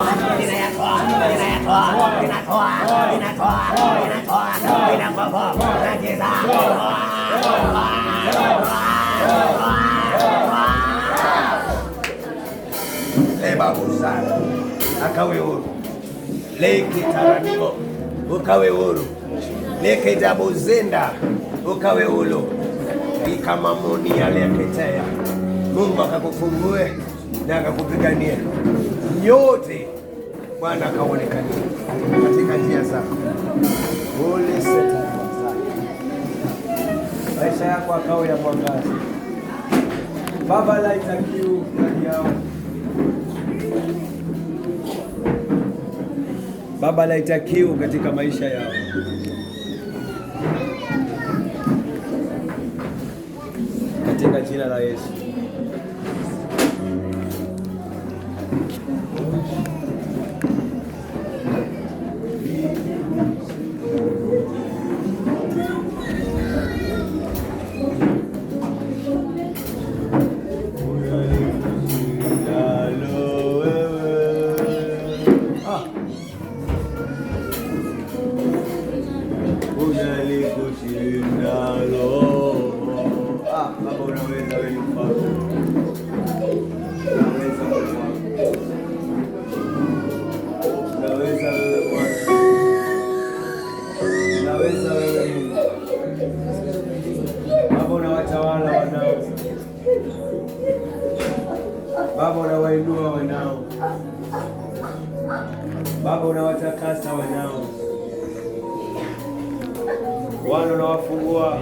Leba busara, akawe huru, leke taratibu, ukawe huru, leke jabu ukawe huru. Ikamamoni yale Mungu akakufungue na akakupigania yote Bwana akaonekana katika njia zako, maisha yako akao ya mwangaza. Baba light ndani yao Baba laita kiu katika maisha yao. Katika jina la Yesu. likushindalo. Ah, kama unaweza wewe mfano, Baba unawatawala wanao, Baba unawainua wanao, Baba Bwana unawafungua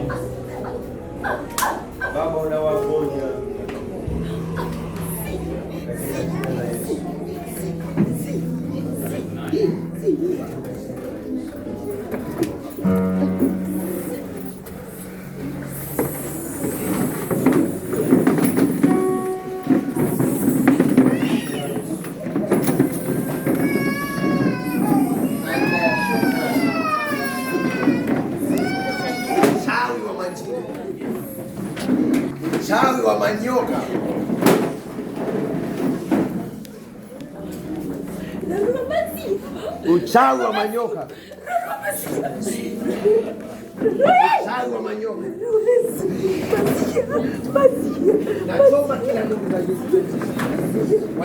Mchawi wa manyoka. Uchawi wa manyoka. Uchawi wa manyoka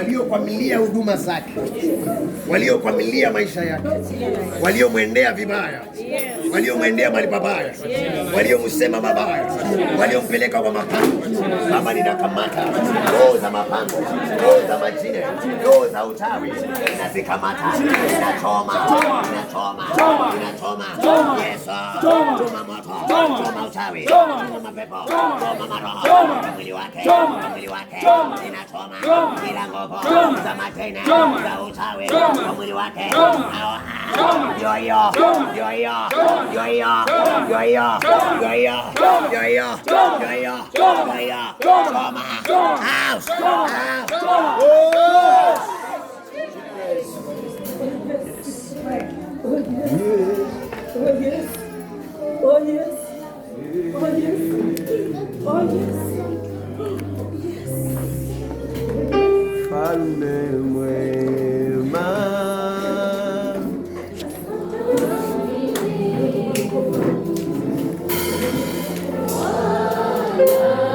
waliokwamilia huduma zake, waliokwamilia maisha yake, waliomwendea vibaya, waliomwendea mali mabaya, waliomsema mabaya, waliompeleka kwa mapango. Baba, ninakamata roho za mapango, roho za majini, roho za utawi, nazikamata, ninachoma, ninachoma, ninachoma. Yesu, tuma moto, tuma utawi, tuma mapepo, tuma maroho, mwili wake, mwili wake, ninachoma kila za matena za usawi wa mwili wake yoyo yoyo yoyo yoyo yoyo yoyo yoyo yoyo choma house house Oh yes. Oh yes. Oh yes. Oh yes. Lord.